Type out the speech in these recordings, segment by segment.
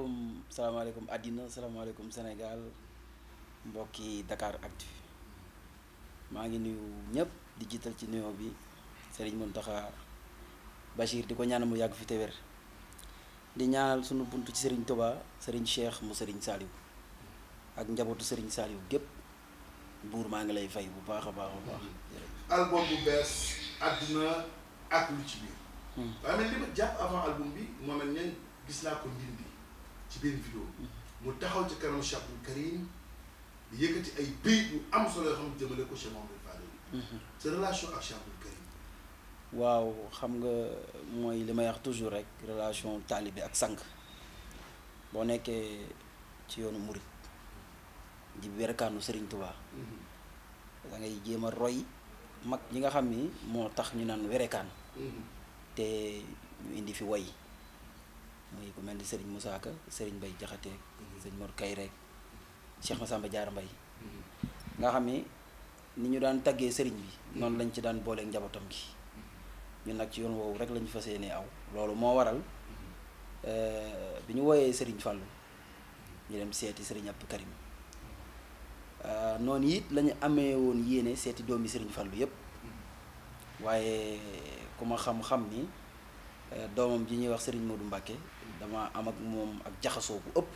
alaikum adina, salam alaikum senegal mbokki Dakar Actu ma ngi nuyu ñep di jiital ci nuyoo bi Serigne muntaha bashir diko ñaan mu yag fi tewer di ñaanal sunu buntu ci Serigne toba Serigne Cheikh mu Serigne saliw ak njabotu Serigne saliw gep buur ma ngi lay fay bu baax a baax album bu bes adina, ak lu ci biir. Hmm. waaye li ma avant album bi moom it gis la ko njënd. ci benn vidéo mu taxaw ci kanam Cheikh Abdoul Karim di yëkkati ay béy yu am solo yoo xam ne jëmale ko Cheikh Mouhamadou Fadel mhm. sa relation ak Cheikh Abdoul Karim waaw xam nga mooy li may wax toujours rek relation taalibe ak sang boo nekkee ci yoonu murit di werkaanu Serigne Touba mhm. da ngay jéem a roy mag ñi nga xam ni moo tax ñu naan werekaan mhm. te ñu indi fi woy muy ku mel ni sëriñ Moussa Ka sëriñ Mbay Jaxate mhm. sëriñ moo Kay rek Cheikh Massamba jaar Mbay mhm. nga xam ni ni ñu daan taggee sëriñ bi mhm. noonu lañ ci daan booleeg njabootam gi ñun nag ci yoon woowu rek lañu fas yéenee aw loolu moo waral euh, bi ñu sëriñ Fàllu ñu dem seeti sëriñ Abdou Karim euh, noonu it la ñu amee woon yéene seeti doomi sëriñ Fàllu yépp waaye ku ma xam-xam ni euh, doomam ji ñuy wax sëriñ Modou Mbàkke dama am ak moom ak jaxaso bu upp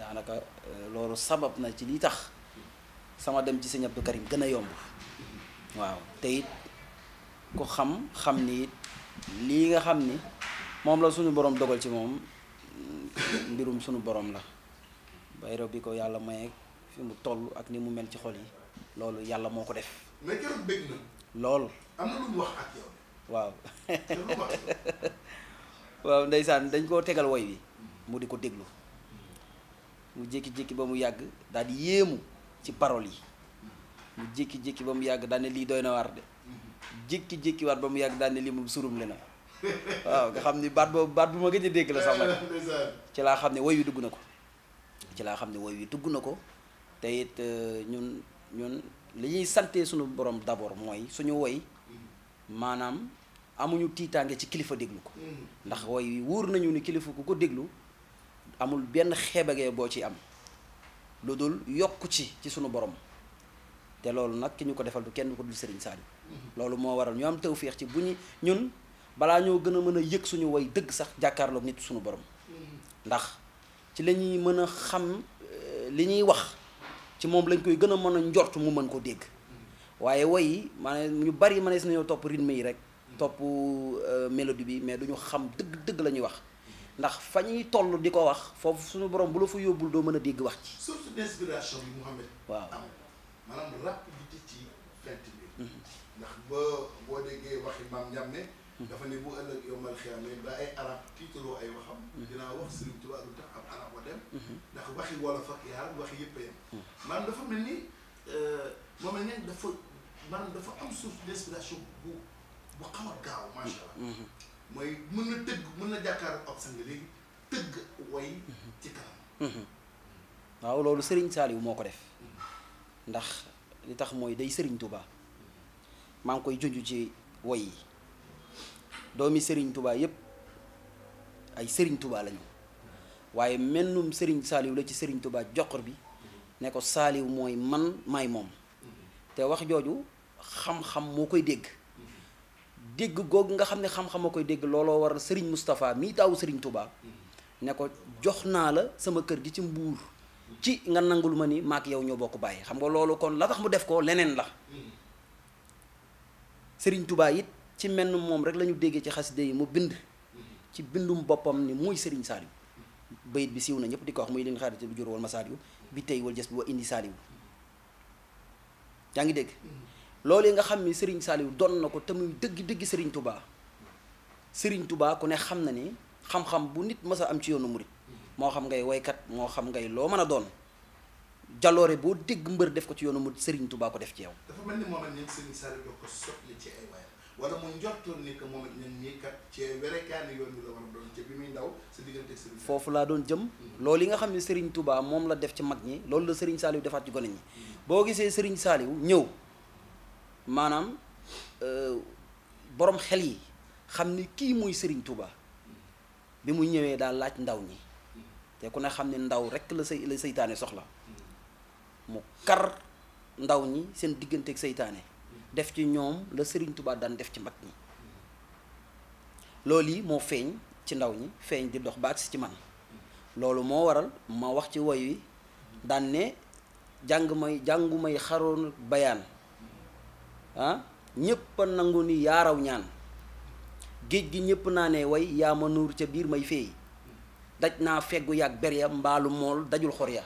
daanaka euh, lolu sabab na ci li tax sama dem ci seigne Abdou Karim gëna yomb waaw te it xam xam ni li nga xam ni mom la suñu borom dogal ci mom mm, mbirum suñu borom la bayro bi ko yalla maye fi mu tollu ak ni mu mel ci xol yi lolu yalla moko def. mais kërëm begg na. lolu amna lu mu wax ak yow. waaw. waaw ndeysaan dañ koo tegal woy wi mu di ko déglu mu jékki-jékki ba mu yàgg daal di yéemu ci paroles yi mu jékki-jékki ba mu yàgg daal ne lii doy na waar de jékki-jékki waat ba mu yàgg daal ne lii moom surum le na waaw nga xam ni baat boobu baat bu ma gëj a dégg la sax ci laa xam ne woy wi dugg na ko ci laa xam ne woy wi dugg na ko te it euh, ñun ñun li ñuy sante suñu borom d'abord mooy suñu woy maanaam amuñu tiitaange ci kilifa déglu ko mm-hmm. ndax way wóor nañu ni kilifa ku ko déglu amul benn xeebagee boo ci am lu dul yokk ci ci sunu borom te loolu nag ki ñu ko defal du kenn ko dul Serigne Saliou mm-hmm. loolu moo waral ñu am tawféex ci bu ñu ñun balaa ñoo gën a mën a yëg suñu way dëgg sax jàkkaarloog nit suñu borom mm-hmm. ndax ci lañuy mën a xam euh, li ñuy wax ci moom lañ koy gën a mën a njort mu mën ko dégg waaye way yi maanaam ñu bari mënees nañoo topp rythme yi rek topp euh, mélodie bi mais du xam dëgg dëgg la ñuy wax ndax fa ñuy toll di ko wax foofu suñu borom bu la fa yóbbul doo mën a dégg wax ci. source d'inspiration bi Mouhamed. waaw am maanaam rapidité ci plainte bi. Mhm. ndax ba boo déggee waxi maam Ndiame. Mhm. dafa ne bu ëllëg yombal xiyaame ba ay arab tiitaloo ay waxam. Mhm. dinaa wax Serigne Touba lu tax am arab wa dem. ndax waxi wolof ak yaar waxi yëpp a yem. dafa mel ni moom la ñu dafa maanaam dafa am source d'inspiration bu. bu xaw a gaaw macha allah. Mm-hmm. Mm-hmm. Mm-hmm. waaw loolu Serigne Saliou moo ko def ndax li tax mooy day sëriñ Touba maa ngi koy junj ci woy yi doomi sëriñ tubaa yépp ay sëriñ Touba lañu waaye mennum sëriñ saaliw la ci sëriñ Touba joxor bi ne ko Saliou mooy man may moom te wax jooju xam-xam moo koy dégg. dégg googu nga xam ne xam-xam a koy dégg looloo waral sëriñ Moustapha mii taawu Serigne Touba ne ko jox naa la sama kër gi ci mbuur ci nga nangul ma ni maak yow ñoo bokk bàyyi xam nga loolu kon la tax mu def ko leneen la sëriñ Touba it ci menn moom rek lañu déggee ci xaside yi mu bind ci bindum boppam ni muy sëriñ Saliou bayit bi siiw na ñëpp di ko wax muy leen xaarite bu jur wal ma Saliou bi tey wal jës bi wa indi Saliou yaa ngi dégg loolu nga xam ni sëriñ Saliou doon na ko te muy dëgg dëgg sëriñ Touba sëriñ Touba ku ne xam na ni xam-xam bu nit mës a am ci yoonu murit moo xam woykat moo xam ngay loo mën a doon jaloore boo dégg mbër def ko ci yoonu murit Serigne Touba def ci yow. dafa mel ni moom ak ñoom Serigne Saliou la laa doon jëm. loolu yi nga xam ne Serigne Touba moom la def ci mag ñi loolu la Serigne Saliou defaat ci gone ñi. Hmm. boo gisee Serigne Saliou ñëw maanaam euh, boroom xel yi xam ni kii muy sëriñ Touba bi mu ñëwee daal laaj ndaw ñi te ku ne xam ne ndaw rek la say seytaane soxla mu kar ndaw ñi seen diggante ak seytaane def ci ñoom la Serigne tubaa daan def ci mag ñi loolu yi moo feeñ ci ndaw ñi feeñ di dox baat si ci man loolu moo waral ma wax ci woy wi daan ne jàng may jàngu may xaroon bayaan ah ñépp a nangu ni yaaraw ñaan géej gi ñépp naa ne way yaa ma nuur ca biir may feey daj naa feggu yàgg ber ya mbaalu mool dajul xor ya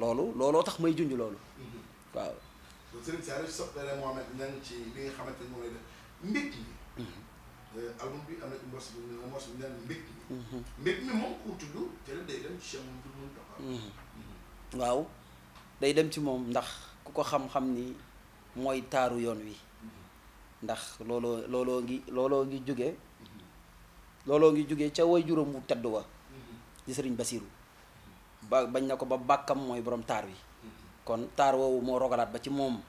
loolu looloo tax may junj loolu mm-hmm. xamante ni moom mm-hmm. euh, mm-hmm. dem ci moom du waaw day dem ci moom ndax ku ko xam-xam ni mooy taaru yoon wi ndax looloo looloo ngi looloo ngi jóge looloo ngi jóge ca woy juróom bu tedd wa di sëriñ Basiiru ba bañ na ko ba bàkkam mooy boroom taar wi kon taar woowu moo rogalaat ba ci moom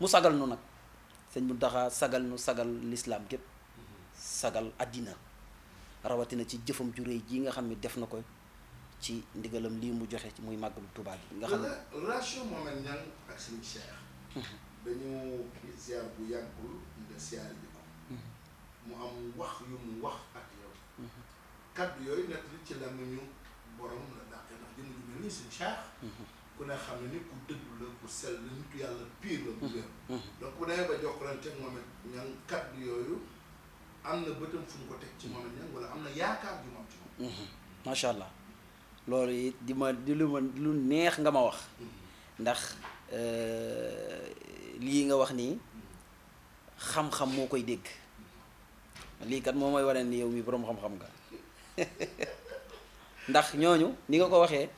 mu sagal nu nag sëñ bu taxa sagal nu sagal lislaam gépp sagal àddina rawatina ci jëfam ju réy nga xam ne def na ko ci ndigalam lii mu joxe muy màggalu Tuubaa gi nga xam dañu ziar bu yàggul nga ziar bi ko mm-hmm. mu am wax yu mu wax ak yow mm-hmm. kaddu yooyu nag li ci làmmiñu borom la dàqee ndax jëmm ju nii suñ chaax mm-hmm. ku ne xam ne nit ku dëggu la ku sell la nitu yàlla pire la bu wér donc bu demee ba jokkalante ak moom it kaddu yooyu am na bëtam fu mu ko teg ci moom it ña wala am na yaakaar ju moom macha allah loolu it di ma di lu ma lu neex nga ma wax ndax Euh, lii nga wax nii xam-xam moo koy dégg lii kat moo may wane yow mi boroom xam-xam nga ndax ñooñu ni nga ko waxee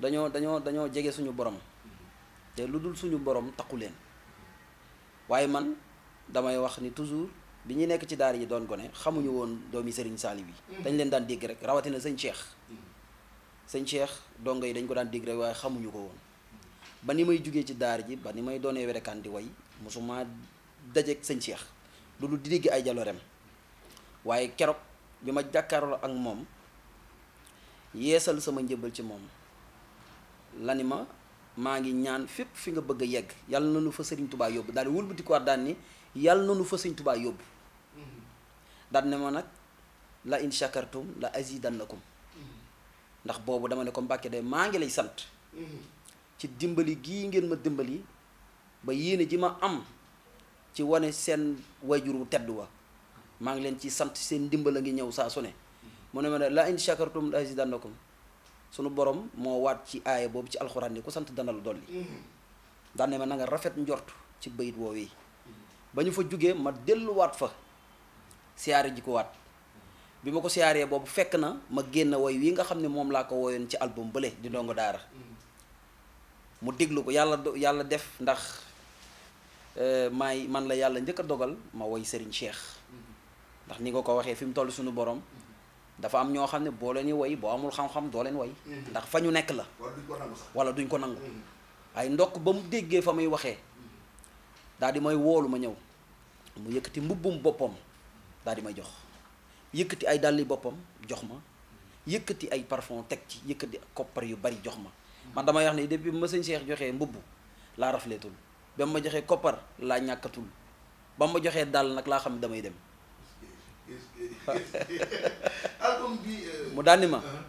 dañoo dañoo dañoo jege suñu borom te lu dul suñu borom takku leen waaye man damay wax ni toujours bi ñu nekk ci daara yi doon gone xamuñu woon doomi Serigne Saliou bi mm-hmm. dañ leen daan dégg rek rawatina sëñ Cheikh sëñ Cheikh dongo yi dañ ko daan dégg rek waaye xamuñu ko woon ba ni may jógee ci daar ji ba ni may doonee werekaan di way mosuma dajeeg sañ Cheikh lu dul di dégg ay jaloorem waaye keroog bi ma jàkkaarloo ak moom yeesal sama njëbal ci moom la ni ma maa ngi ñaan fépp fi nga bëgg a yegg yàlla na nu fa sëriñ tubaa yóbbu daal di wëlbati ko daan ni yàlla na nu fa sëriñ tubaa yóbbu mm-hmm. daan ma nag la in shakartum la azidannakum mm-hmm. ndax boobu dama ne ko mbàkke day maa ngi lay sant mm-hmm. ci dimbali gii ngeen ma dimbali ba yéene ji ma am ci wane seen wayjur wu tedd wa maa ngi leen ci sant seen ndimbal a ngi ñëw saa su ne mu ne ma ne la in shakartum la azidannakum sunu borom moo waat ci aaya boobu ci alxuraan ni ku sant dana la dolli daan ma na rafet njort ci bayit woowee ba ñu fa jógee ma delluwaat fa siyaare ji ko waat bi ma ko siyaaree boobu fekk na ma génn woy wi nga xam ne moom laa ko woyoon ci album bële di ndongo daara mu déglu ko yàlla yàlla def ndax euh, may man la yàlla njëkk a dogal ma woy Serigne Cheikh mm-hmm. ndax ni nga ko waxee fi mu toll suñu borom mm-hmm. dafa am ñoo xam ne boo leen woy boo amul xam-xam doo leen woy mm-hmm. ndax fa ñu nekk la wala duñ ko nangu ay ndokk ba mu déggee fa muy waxee daal di may woolu ma ñëw mu yëkkati mbubbum boppam daal di may jox yëkkati ay dàlli boppam jox ma yëkkati ay parfum teg ci yëkkati koppar yu bari jox ma man dama wax ni depuis ma seigne Cheikh joxe mbubb la rafletul bam ma joxe copper la ñakatul bam ma joxe dal nak la xam damay dem album bi euh, ni danima uh-huh.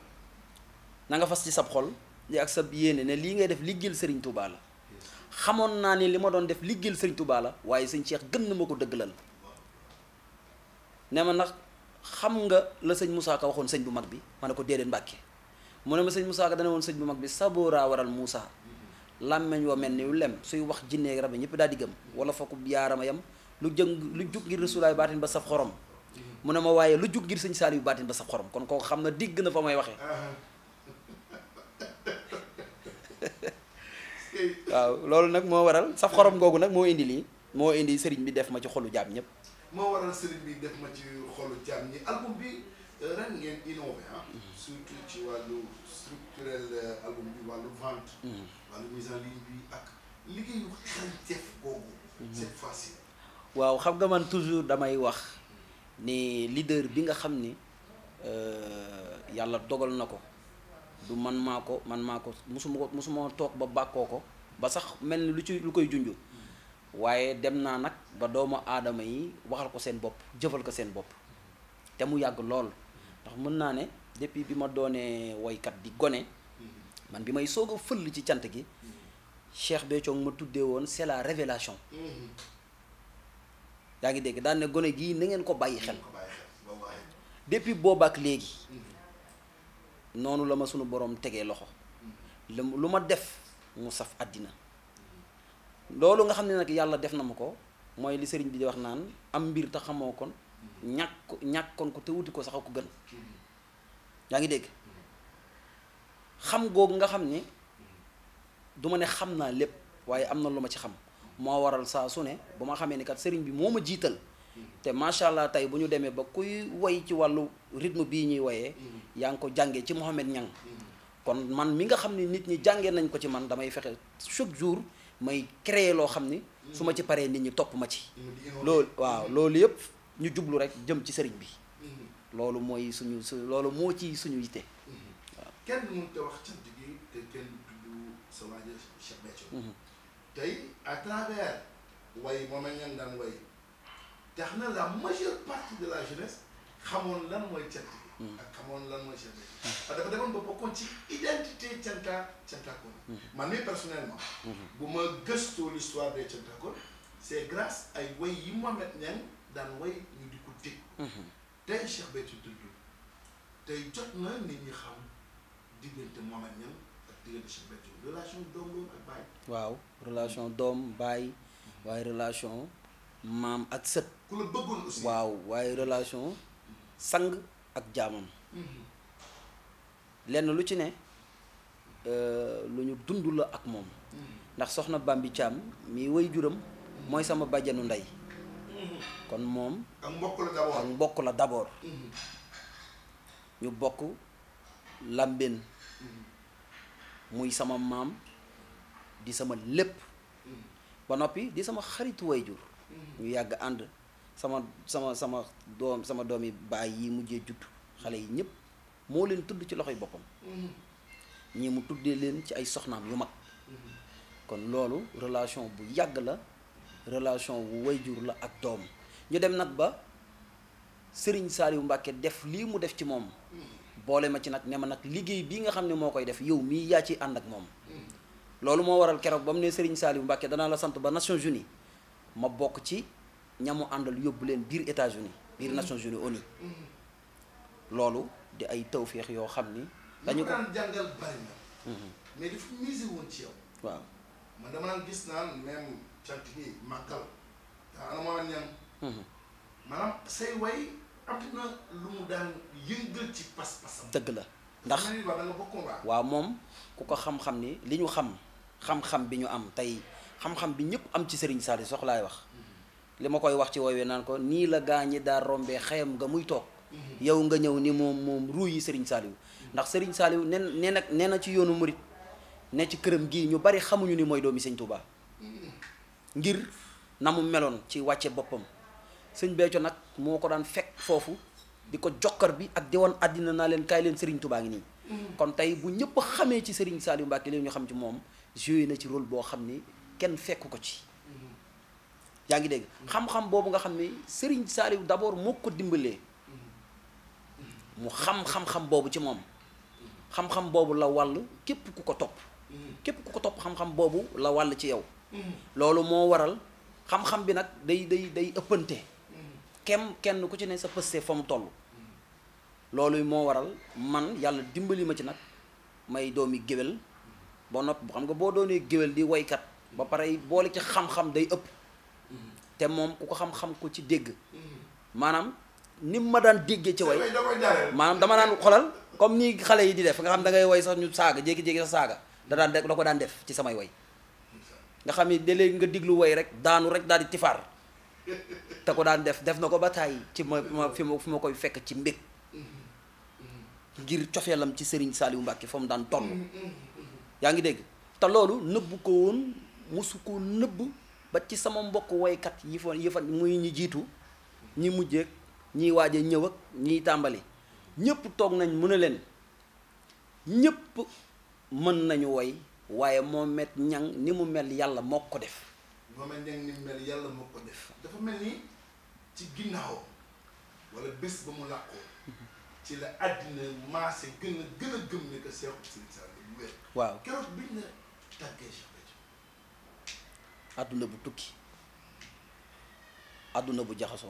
na nga fas ci sab xol li ak sab yene ne li ngay def liggéeyal Serigne Touba la xamoon na ni lima don def liggéeyal Serigne Touba la waye seigne Cheikh gën na ma ko xam nga le seigne Moussa Ka waxone seigne bu mag bi manako mune ma seigne Moussa Ka dana won seigne bu mag bi waral Moussa lamagn wo melni ni lem suy wax jinneeg rab ñëpp daal di gëm wala fakub yaarama yam lu jeng lu juk ngir rasulallah batin ba sa xorom mune ma waye lu juk ngir seigne salih batin ba saf xorom kon kooku xamna digg na fa waaw nak mo waral sa xorom googu nak mo indi li mo indi sëriñ bi def ma ci xolu jam ñep mo waral sëriñ bi def ma ci xolu jam ñi album bi ren ah. wàllu structurel eh, album mm. mm-hmm. waaw xam nga man toujours damay wax ni leader bi nga xam ni eh, yàlla dogal na ko du man maa ko man maa ko musuma ko musuma toog ba bàkkoo ko ba sax mel ni lu ci lu koy junj. waaye dem naa nag ba doomu aadama yi waxal ko seen bopp jëfal ko seen bopp te mu yàgg lool. ndax mën naa ne depuis bi ma doonee woykat di gone mm-hmm. man bi may soog a fëll ci cant gi mm-hmm. Cheikh Béthio ma tuddee woon c'est la révélation mm-hmm. yaa ngi dégg daan ne gone gii nangeen ko bàyyi xel depuis boobaak léegi noonu la ma sunu boroom tegee loxo lu ma def mu saf àddina loolu nga xam ne nag yàlla def na ma ko mooy li sëriñ bi di wax naan am mbir te xamoo kon ñàkk ñàkkoon ko te wuti ko sax ko gën yaa ngi dégg xam googu nga xam ni du ma ne xam naa lépp waaye am na lu ma ci xam moo waral saa su ne bu ma xamee ni kat sëriñ bi moo ma jiital te macha allah tey bu ñu demee ba kuy woy ci wàllu rythme bii ñuy woyee yaa ngi ko jàngee ci Mouhamed Niang kon man mi nga xam ne nit ñi jàngee nañ ko ci man damay fexe chaque jour may créer loo xam ni su ma ci paree nit ñi topp ma ci loolu waaw loolu yëpp ñu jublu rek jëm ci sëriñ bi mhm. loolu mooy suñu loolu moo ci suñu yitte mhm. waaw kenn mënut a wax cant gi te kenn tudd sa waajur Cheikh Béthio mhm. tey à travers way moom ak ñan daan way tax na la majeure partie de la jeunesse xamoon lan mooy cant gi ak xamoon lan mooy Cheikh Béthio parce que dafa demoon ba bokkoon ci identité canta cantakoon man mii personnellement bu ma gëstoo l'histoire des cantakoon c'est grâce ay way yi Mohamed Niang daan way ñu di ko dégg mhm. tey Cheikh Béthio dund tey jot na nit ñi xam diggante moom ak diggante Cheikh Béthio relation doom loolu ak baay waaw relation doom baay waaye relation maam ak sët waaw waaye relation sang ak jaamam mhm. lenn lu ci ne euh, lu ñu dund la ak moom mhm. ndax soxna Bambi Thiam mi way juram mooy sama bàjjanu ndey kon moom. ak mbokk la d'abord ak mhm. ñu bokk làmbeen mhm. muy sama maam di sama lépp. Mhm. ba noppi di sama xaritu way jur ñu yàgg ànd sama sama sama doom sama doom yi baay yi mujjee judd xale yi ñëpp moo leen tudd ci loxoy boppam. ñii mu tuddee leen ci ay soxnaam yu mag. kon loolu relation bu yàgg la. relation wu wayjur la ak doom ñu dem nag ba sëriñ Serigne Saliou Mbacke def lii mu def ci moom boole ma ci nag ne ma nag liggéey bii nga xam ne moo koy def yow mii yaa ciy ànd ak moom loolu moo waral keroog ba mu ne Serigne Saliou Mbacke danaa la sant ba Nations Unies ma bokk ci ñamu àndal yóbbu leen biir États-Unis biir mm-hmm. Nations Unies mm-hmm. loolu di ay tawféex yoo xam ni dañu ko mm-hmm. gis naan même cantine màggal daanama ñan mhm. maanaam say dëgg la ndax waaw moom ku ko xam-xam ni li ñu xam xam-xam bi ñu am tey xam-xam bi ñëpp am ci Serigne Saliou soxlaay wax mhm. li ma koy wax ci woy wi naan ko nii la gaa ñi daal rombee xayam nga muy toog mhm. yow nga ñëw ni moom moom ruu yi Serigne Saliou ndax Serigne Saliou nen nee na nee na ci yoonu murit ne ci këram gii ñu bari xamuñu ni mooy doomi Serigne Touba ngir na mu meloon ci wàcce boppam sëñ Béthio nag moo ko daan fekk foofu di ko jokkar bi ak di woon àddina naa leen kaay leen Serigne baa ngi nii. Mm. kon tey bu ñëpp xamee ci Serigne Saliou Mbacké li ñu xam ci moom joué na ci role boo xam ni kenn fekk ko ci. Mm. yaa ngi dégg mm. xam-xam boobu nga xam ni Serigne Saliou d'abord moo ko dimbalee mu xam xam-xam boobu ci moom xam-xam boobu la wàll képp ku ko topp. képp ku ko topp xam-xam boobu la wàll ci yow. loolu moo waral xam-xam bi nag day day day ëppante kem kenn ku ci ne sa pëste fa mu toll loolu moo waral man yàlla dimbali ma ci nag may doomi géwél ba nopp noppi xam nga boo doonee géwél di woykat ba pare boole ci xam-xam day ëpp te moom ku ko xam-xam ko ci dégg maanaam ni ma daan déggee ci way maanaam dama daan xolal comme nii xale yi di def nga xam da ngay woy sa ñu saaga jékki-jékki sax saaga da daan da ko daan def ci samay way nga xam ni léeg nga diglu woy rek daanu rek daal di tifaar te ko daan def def na ko ba tàyyi ci fi ma fi ma koy fekk ci mbég ngir cofeelam ci Serigne Saliou Mbacke fa daan toll yaa ngi dégg te loolu nëbbu ko woon mosu ko nëbb ba ci sama mbokk woykat yi fa muy ñi jiitu ñi mujjeeg ñi waaje ñëw ak tàmbali ñëpp toog nañ mu ne leen ñëpp mën nañu woy waaye Mohamed ñang ni mu mel yalla moko ko def. Mohamed ñang ni mu mel yalla moko def dafa melni ci ginnaw wala bes ba mu làqoo ci la adina maase gën gëna gën gëm ni ko Cheikh Ousseynou Sall bu wér. waaw kéro biñ na tagge Cheikh Béthio. bu tukki aduna bu jaxaso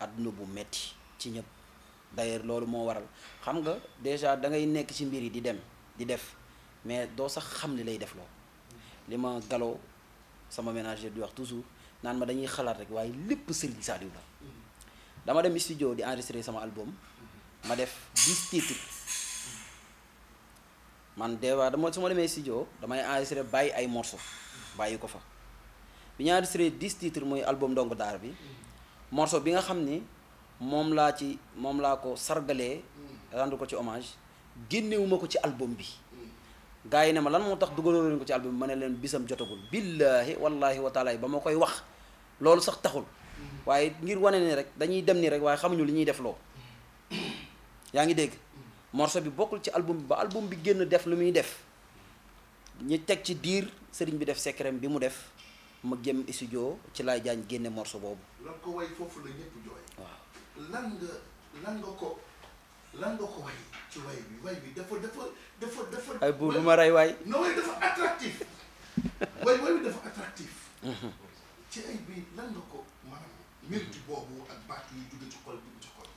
aduna bu metti ci ñëpp d'ailleurs lolu mo waral xam nga déjà da ngay nekk ci mbiri di dem di def. mais doo sax xam li lay def loo li ma galoo sama ménager di wax toujours naan ma dañuy xalaat rek waaye lépp Serigne Saliou la dama dem studio di enregistrer sama album ma def 10 titres man des waa dama su ma demee studio damay enregistrer bàyyi ay morceaux bàyyi ko fa bi ñu enregistré 10 mooy muy album Ndongo Daara bi morceau bi nga xam ni moom laa ci moom laa ko sargalee mm. rendre ko ci hommage génnewuma ko ci album bi gaa yi ne ma lan moo tax dugaloo leen ko ci album ma ne leen bisam jotagul billahi wallahi wa taala ba ma koy wax loolu sax taxul waaye ngir wane ne rek dañuy dem nii rek waaye xamuñu li ñuy def loo yaa ngi dégg morceau bi bokkul ci album bi ba album bi génn def lu muy def ñu teg ci diir sëriñ bi def secret bi mu def ma jëm studio ci laay jaañ génne morceau boobu. lan foofu la ñëpp jooy. ko. lan nga ko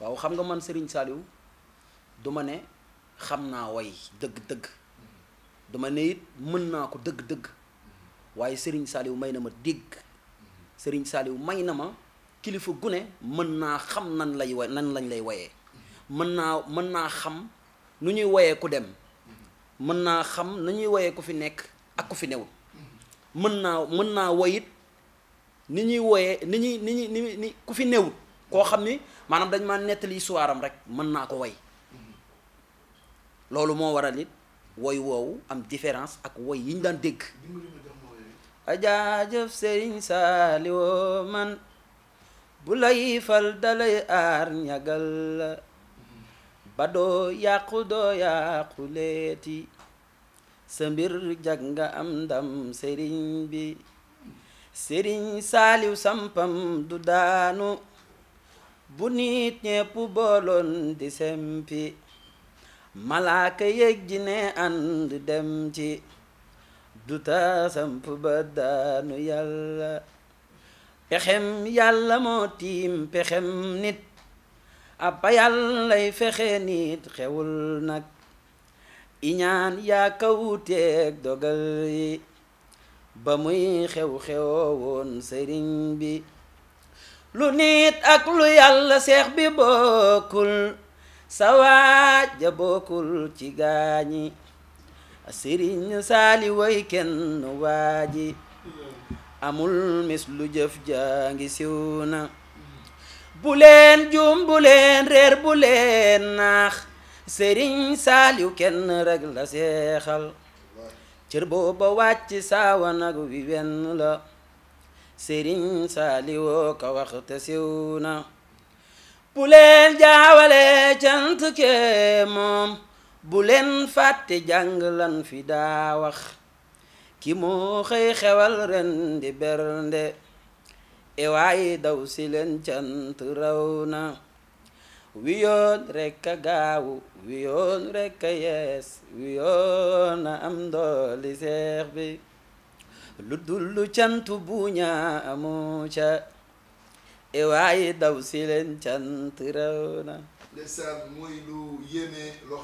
waaw xam nga man sëriñ Saliou du ma ne xam naa way dëgg-dëgg du ne it mën naa ko dëgg-dëgg waaye Serigne Saliou may na ma dégg Serigne Saliou may na ma kilifa gune mën naa xam nan lay way nan lañ lay wayee. mëna mëna ham xam nu ñuy woyé ku dem mëna xam nu ñuy woyé ku fi nekk ak ku fi newul mëna mëna woyit ni ñuy woyé ni ñuy ni ñuy ni ku fi newul ko xam ni dañ ma netali suwaram rek mëna ko woy lolu mo waral nit woy woow am différence ak woy yi ñu daan dégg ajaajëf sëriñ man bulay fal dalay ar ñagal ba doo yàqu doo yàquleeti sa mbir jag nga am ndam sëriñ bi sëriñ saaliw sampam du daanu bu nit ñépp booloon di sempi malaaka yëg ji ne ànd dem ci du taa samp ba daanu yàlla pexem yàlla moo tiim pexem nit abba yàllay fexe nit xewul nag iñaan yaa kawuteeg dogal yi ba muy xew-xewoon sëriñ bi lu nit ak lu yàlla seex bi bokkul sawaaj ja bokkul ci gaañi sëriñ saali way kenn waaji amul mis lu jëf jaa ngi siw bu leen juum bu leen naax sëriñ saaliw kenn rek la seexal cër booba wàcc saawa nag wi wenn la sëriñ saaliwoo ko wax te siw jaawale cant ke moom bu leen jàng lan fi daa wax ki moo xëy ren di bernde e waaye daw si leen cant raw na wiyoon rekk a gaawu wiyoon rekk yees wiyoon am dooli seex bi lu dul lu cant buña amu ca e waaye daw si leen cant raw na lu yéeme loo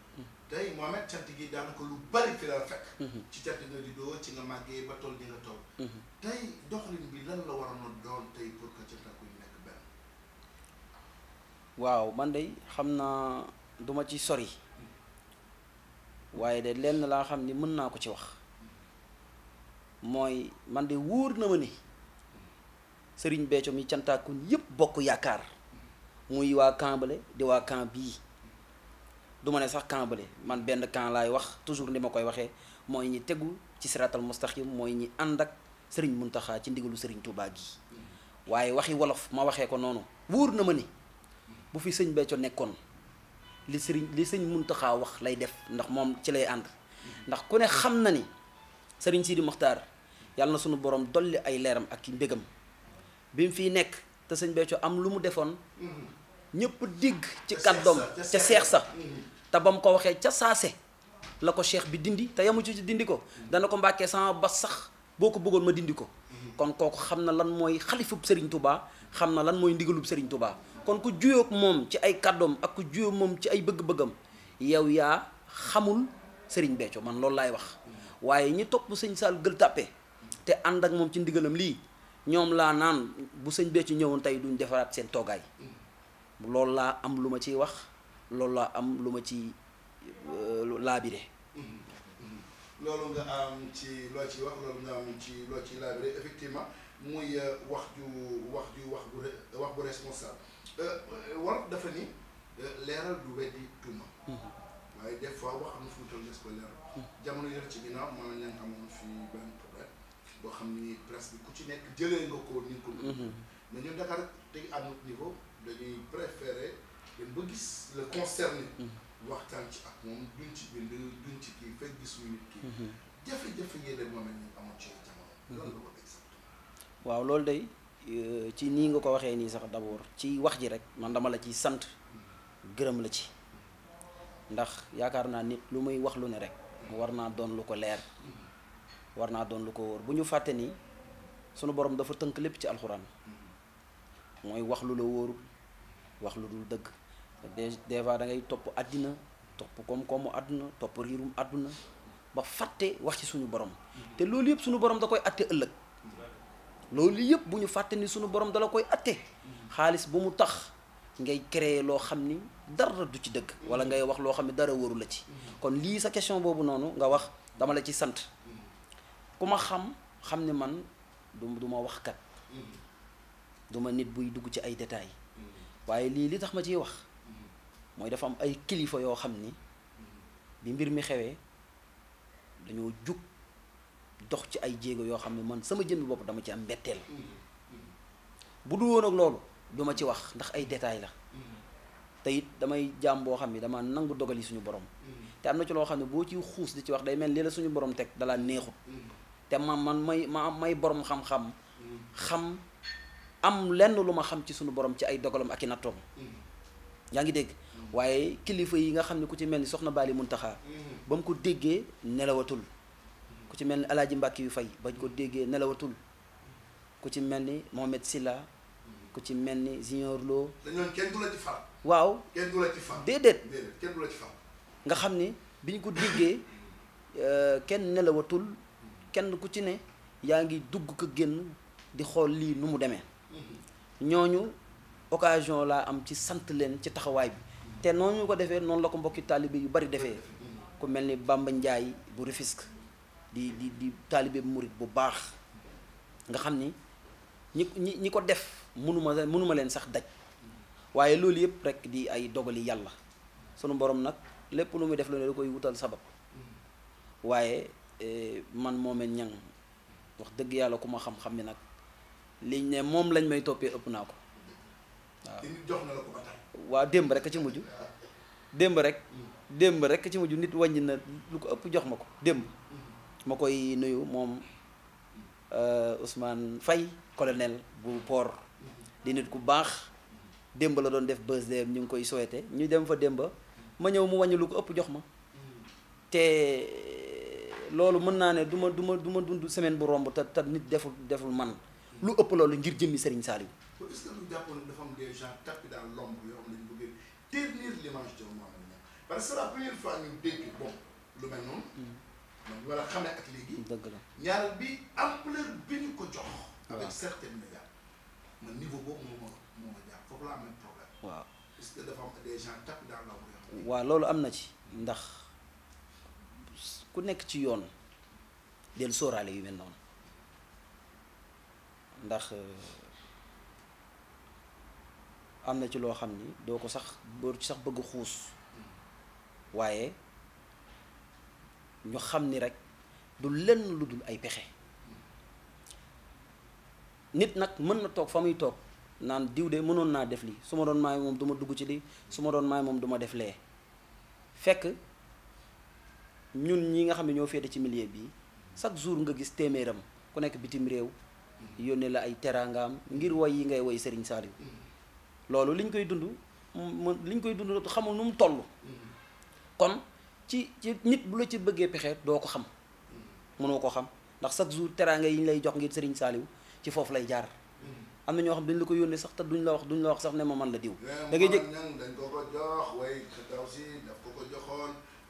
tey Mohamed cant gi daanaka lu bari fi la fekk. Mhm. ci cant nga di doo ci nga màggee ba toll ni toll. tey doxalin bi lan la waroon a doon tey pour que cantaku ñu nekk benn. waaw man de xam naa duma ci sori waaye de lenn laa xam ni mën naa ko ci wax mooy man de wóor na ma ni Serigne Béthio mi cantaakuñ yëpp bokk yaakaar muy waa camp di waa camp bii. du ma ne sax camp man benn camp laay wax toujours ni ma koy waxee mooy ñi tegu ci siratal mustaqim mooy ñi ànd ak sëriñ Muntaxa ci ndigalu sëriñ Touba gi waaye waxi wolof ma waxee ko noonu wóor na ma ni bu fi sëñ Béthio nekkoon li sëriñ li sëñ Muntaxa wax lay def ndax moom ci lay ànd ndax ku ne xam na ni sëriñ Sidi Mokhtar yàlla na sunu borom dolli ay leeram ak i mbégam bi mu fiy nekk te sëñ Béthio am lu mu defoon ñëpp digg ci kàddoom ca seex sa te ba mu ko waxee ca saase la ko cheikh bi dindi te yamu ci dindi ko dana ko mbàkkee sama ba sax boo ko bëggoon ma dindi ko kon kooku xam na lan mooy xalifub Serigne Touba xam na lan mooy ndigalub Serigne Touba kon ku juyoog moom ci ay kàddoom ak ku juyoo moom ci ay bëgg-bëggam yow yaa xamul Serigne Béthio man loolu laay wax waaye ñi topp sëñ Sall gël tàppe te ànd ak moom ci ndigalam lii ñoom laa naan bu sëñ Béthio ñëwoon tey duñ defaraat seen toogaay loolu laa am lu ma ciy wax loolu laa am lu ma ci euh, laabire mm-hmm. loolu nga am ci loo ci wax loolu nga am ci loo ci laabire effectivement muy euh, wax ju wax ju wax bu wax bu responsable euh, war dafa ni leeral du weddi tuuma mm-hmm. waaye des fois wax am na fu mu toll des ko leeral mm-hmm. jamono yore ci ginnaaw moo nañ leen amoon fii benn problème boo xam ni presse ku ci nekk jëlee nga ko ni ko. Mhm. Dakar tey à niveau dañuy préférer dem ba gis le concerné. Mhm. waxtaan ci ak moom duñ ci bind duñ ci kii fekk gisuñu nit mhm. moom la ñu ci jamono. loolu la day euh, ci nii nga ko waxee nii sax d'abord ci wax ji rek man dama la ciy sant gërëm la ci ndax yaakaar naa nit lu muy wax lu ne rek war naa doon lu ko leer. war naa doon lu ko wóor bu ñu fàttee nii sunu borom dafa tënk lépp ci alxuraan mooy wax lu la wóoru wax lu dul dëgg des des fois da ngay topp àddina topp koom-koomu àdduna topp riirum àdduna ba fàtte wax ci suñu borom te loolu yëpp suñu borom da koy atte ëllëg loolu yëpp bu ñu fàtte suñu borom dala koy atte xaalis bu mu tax ngay créer loo xam ni dara du ci dëgg wala ngay wax loo xam ne dara wóoru la ci kon lii sa question boobu noonu nga wax dama la ci sant ku ma xam xam ni man du du ma wax kat mm-hmm. du nit buy dugg ci ay détails mm-hmm. waaye lii li tax ma ciy wax mm-hmm. mooy defam ay kilifa yoo xam ni bi mbir mi xewee dañoo jug dox ci ay jéego yoo xam ne man sama jëmmi bopp dama ci am mbetteel bu du woon ak loolu duma ci wax ndax ay détails la te it damay jaam boo xam ne dama nangu dogal yi suñu borom te am na ci loo xam ne boo ci xuus di ci wax day mel lii la suñu borom teg dalaa neexut te ma man may ma may boroom xam-xam xam am lenn lu ma xam ci sunu borom ci ay dogalam ak i nattoom mm-hmm. yaa ngi dégg mm-hmm. waaye kilifa yi nga xam ne ku ci mel ni soxna Baali Muntaxa mm-hmm. ba mu ko déggee nelawatul ku ci mel ni alaaji Mbàkke yu fay bañ ko déggee nelawatul ku ci mel ni Mohamed Silla ku ci mel ni Junior Lo waaw déedéet nga xam ni bi ñu ko déggee euh, kenn nelawatul kenn ku ci ne yaa ngi dugg ko génn di xool lii nu mu demee mhm. ñooñu occasion laa am ci sant leen ci taxawaay bi te noonu ñu ko defee noonu la ko mbokki taalibe yu bari defee mhm. ku mel ni Bamba Njaay bu Rufisque di di di taalibe murit bu baax nga xam ni ñi ñi ñi ko def mënuma mënuma leen sax daj waaye loolu yëpp rek di ay dogali yàlla sunu boroom nag lépp lu muy def lu ne da koy wutal sabab mhm. waaye Eh, man moomeen ñang wax dëgg yàlla ku ma xam-xam ni nag liñ ne moom lañ may toppee ëpp dem ko waaw jox na la ko ba tey waaw rek ci ah. rek hmm. rek ci nit wàññi na lu ko ëpp jox ma ko démb hmm. ma mom nuyu moom euh, Ousmane Faye colonel bu por hmm. di nit ku baax démb la doon def birthday ñu ngi koy souhaité ñu dem fa démb ma ñëw mu wàññi lu ko ëpp jox ma loolu mën naa ne duma duma du dund semaine bu romb ta te nit deful deful man lu ëpp loolu ngir jëmmi Serigne Saliou. est-ce que ñu jàppoon dafa am des gens tapis dans l'ombre yo xam ne ñu bëgg tenir l'image de Mouhamed parce que c'est la première fois ñu dégg bon lu mel noonu. donc mm. wala a ak légui dëgg la ñaareel bi ampleur bi ñu ko jox. avec certaines médias man niveau bobu mo mo moo ma jàpp foofu laa problème. waaw est-ce que dafa am des gens tapis dans l'ombre yoo xam waaw loolu am na ci ndax. ku nekk ci yoon del sóoraale yu mel noonu ndax euh, am na ci loo xam ni doo ko sax sax bëgg xuus waaye ñu xam ni rek du lenn lu dul ay pexe nit nag mën na toog fa muy toog naan diw de mënoon naa def lii su ma doon maay moom du ma dugg ci li su ma doon maay moom du ma def lee fekk ñun ñi nga xam ne ñoo féete ci millier bi chaque jour nga gis téeméeram ku nekk bitim réew yónnee la ay teraangaam ngir woy yi ngay woy sëriñ Saliou loolu liñ koy dund mu liñ koy dund xamul nu mu toll kon ci ci nit bu la ci bëggee pexee doo ko xam mënoo ko xam ndax chaque jour teraanga yi lay jox ngir Serigne Saliou ci foofu lay jaar am na ñoo xam dañ la ko yónnee sax te duñ la wax duñ la wax sax ne ma man la diw da ngay jëg dañ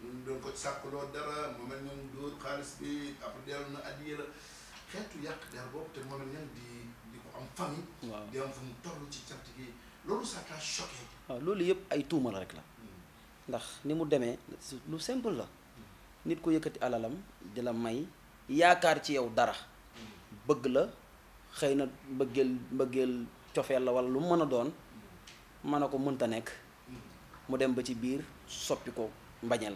ñun doon ko sàkkuloo dara mo mel ñoom door xaliss bi après delu na addiye la xeetu yàq der boobu te mo ñoom di di ko am fami di am fu tollu ci chat gi lolu sa ka choqué wa lolu yëpp ay tuuma rek la hmm. ndax ni mu démé lu simple la nit ko yëkëti alalam di la may yaakar ci yow dara hmm. bëgg la xeyna bëggel bëggel mbëggeel la wala lu mëna a doon hmm. mën mënta mu dem ba ci bir soppi ko mbañeel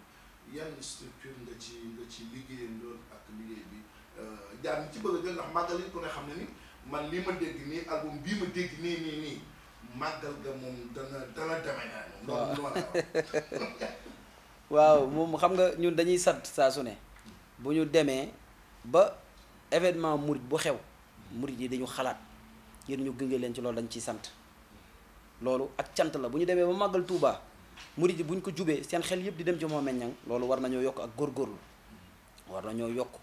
yan structure nga ci nga ci liggéeyandoo ak liggéey bi euh, jaar ci bëgg a jël ndax màggal yi ku ne xam ne ni man lii ma dégg nii album bii ma dégg nii nii nii màggal ga moom dana dana demee naa moom waaw moom xam nga ñun dañuy sant saa su ne bu ñu demee ba événement murit bu xew murit yi dañu xalaat ngir ñu gunge leen ci loolu dañ ciy sant loolu ak cant la bu ñu demee ba màggal tuuba murid di buñ ko jubee seen xel di dem ci menyang, meññang warna war nañoo yokk ak warna war nañoo yokk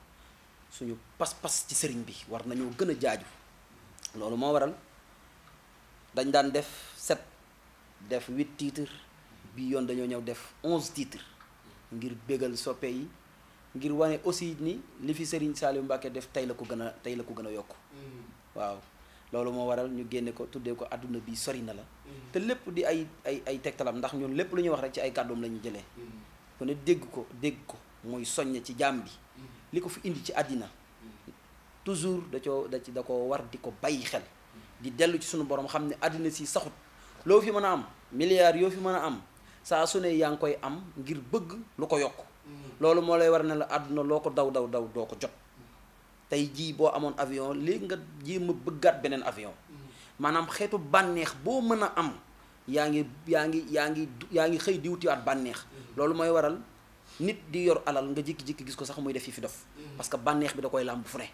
suñu pas-pas ci sëriñ bi war nañoo gën a jaaju loolu waral dañ dan def set, def wit titir, bi yon dañoo def onz titir, ngir begal soppe yi ngir wane aussi ni li fi sëriñ Saliou def tey la ko gën ku tey la ko loolu moo waral ñu génne ko tuddee ko àdduna bi sori na la mm-hmm. te lépp di ay ay ay tegtalam ndax ñun lépp lu ñuy wax rek ci ay kàddoom la ñu jëlee mm-hmm. ne dégg ko dégg ko mooy soññe ci jaam bi mm-hmm. li ko fi indi ci àddina toujours da coo da ci da ko war di ko bàyyi xel di dellu ci sunu borom xam ne àddina si saxut loo fi mën a am milliards yoo fi mën a am saa su ne yaa ngi koy am ngir bëgg lu ko yokk loolu moo lay war ne la àdduna loo ko daw daw daw doo ko jot tay ji bo amone avion li nga jima beugat benen avion manam xetu banex bo meuna am yaangi yaangi yaangi yaangi xey ngi wat banex lolou moy waral nit di yor alal nga jik jik gis ko sax moy def fi fi def parce que banex bi da koy lamb fure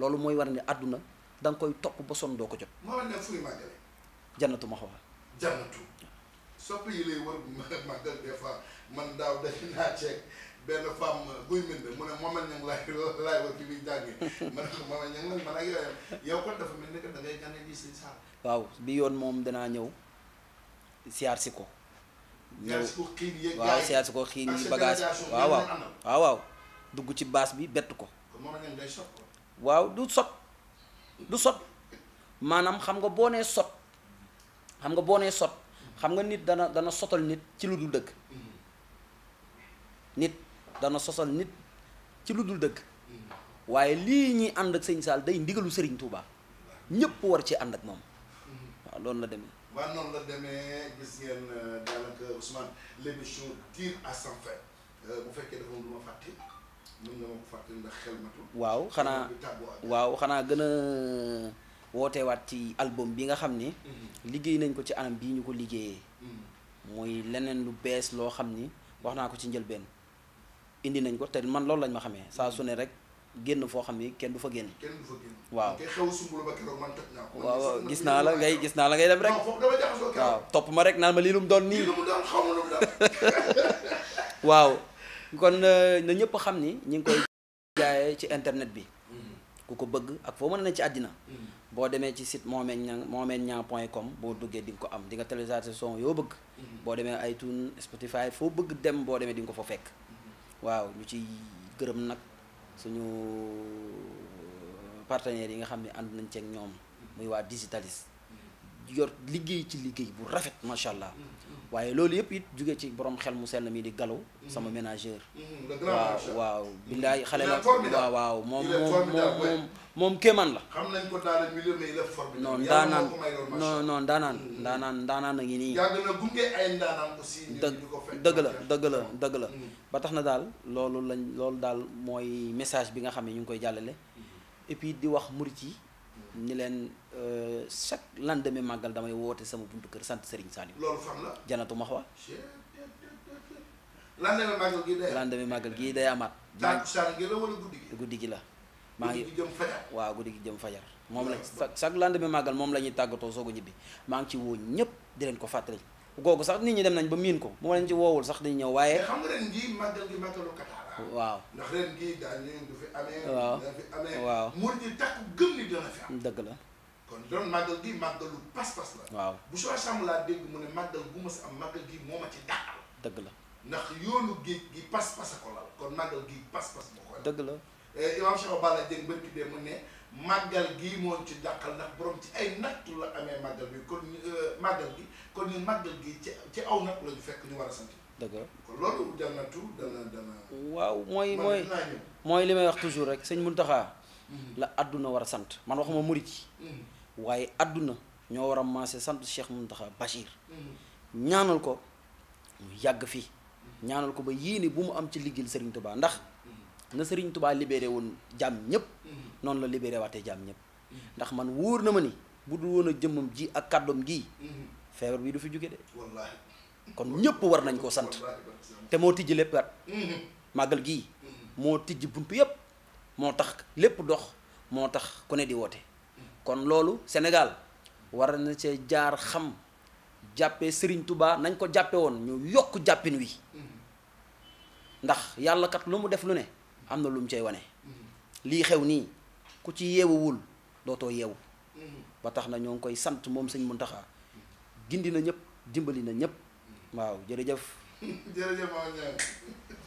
lolou moy mooy war ne àdduna da koy top bo son do ko jot jannatu ma xowa jannatu sopp yi lay war ma des defa man daw dañ na ceeg benn femme buy mbind mu waaw yoon moom danaa ñëw siyaar ko. ñëw waaw ko xiin yi bagage waaw waaw dugg ci baas bi bett ko. waaw du sot du sot maanaam xam nga boo nee sot xam nga boo ne sot xam nga nit dana dana sotal nit ci lu dul dëgg mm-hmm. nit dana sosal nit ci lu dul dëgg waaye lii ñuy ànd ak sëñ Saal day ndigalu sëriñ Touba ñëpp war ci ànd ak moom waaw loolu la demee. waaw noonu la demee gis euh, euh, xanaa waaw xanaa gën a euh, wooteewaat ci album bi nga xam ni. Mhm. liggéey nañ ko ci anam bii ñu ko liggéeyee. Mhm. muy leneen lu bees loo xam ni wax naa ko ci njëlbeen. indi nañ ko te man loolu lañ ma xamee saa su rek génn foo xam ni kenn du fa génn. kenn waaw xew waaw gis naa la ngay gis naa la ngay dem rek. waaw topp ma rek naa ma lii lu doon nii. waaw kon euh, na ñëpp xam ni ñu ngi koy jaayee ci internet bi. Mm-hmm. ku ko bëgg ak foo mën a ne ci àddina. Mm-hmm. boo demee ci site moomeen ña moomeen ña point com boo duggee di nga ko am di nga télécharger son yoo bëgg. Mm-hmm. boo demee iTunes Spotify foo bëgg dem boo demee di nga ko fa fekk. waaw ñu ci gërëm nag suñu euh, partenaires yi nga xam ne ànd nañ ceeg ñoom muy waa digitalis yor liggey ci liggey bu rafet macha allah mm, mm. waaye loolu yëpp it jugee ci borom xel mu sell mi di galo mm. sama ménageur waaw waaw billaay xale la waaw waaw mom mom mom moom kéemaan la xam nañ ko daana milieu mais il est formidable non danan non non danan danan danan ngi ni yag na gumbe ay danan aussi dëgg la deug la deug la ba tax na daal lolou lañ lolou daal moy message bi nga xamé ñu ngi koy jàllale et puis di wax murit ñu leen euh, chaque lendemain màggal damay woote sama buntu kër sant Serigne Saliou. loolu fan la janatu Maxwa. lendemain màggal gii day. màggal gii day amaat. la wala guddi gi. la. maa ngi guddi waaw guddi gi jëm fajar. moom la chaque lendemain màggal moom la ñuy tàggatoo soog a ñibbi maa ngi ci woo ñëpp di leen ko fàttali. googu sax nit ñi dem nañ ba miin ko bu ma leen ci woowul sax dañu ñëw waaye. xam nga ren jii màggal gi màggalu Qatar waaw ndax ren gii daañu leen du fi amee. waaw dana fi amee. waaw ni dana fi am. dëgg la. kon doon màggal gii màggalu pas-pas la. bu soo sàmm mu ne màggal ma am màggal gii moo ci dàqal. dëgg la ndax yoonu géej gi pas-pas ko lal kon màggal gii pas-pas moo koy. dëgg la eh, Imaam Cheikh mu ne màggal gii moo ci dàqal ndax borom ci ay nattu la amee màggal bi kon eh, màggal gi kon ñun màggal gi ci ci aw natt la ñu fekk ñu war a sant. dëgg la waaw mooy mooy mooy li may wax toujours rek sëñ Muntaxa mhm. la àdduna war a sant man waxuma murit yi mhm. waaye àdduna ñoo war a maase sant Cheikh Muntaxa Bachir mhm. ñaanal ko mu yàgg fi ñaanal ko ba yéene bu mu am ci liggéeyal Serigne Touba ndax na sëriñ Touba libéré woon jàmm ñëpp noonu la libéré waatee jàmm ñëpp ndax man wóor na ma ni bu dul woon a jëmmam ji ak kàddoom gii feebar bi du fi jóge de. kon ñepp war nañ ko sant te mo tijji lepp gat magal gi mo tijji buntu yépp mo tax lepp dox mo tax ku ne di woté kon lolu Sénégal war na ci jaar xam jappé Serigne Touba nañ ko jappé won ñu yokk jàppin wi ndax yalla kat lu mu def lu ne amna lu mu cey wone li xew ni ku ci yewuul doto yeewu ba tax na ñong koy sante mom serigne muntaha gindi na dimbali na ñep waaw jërëjëf. jërëjëf Mame Niang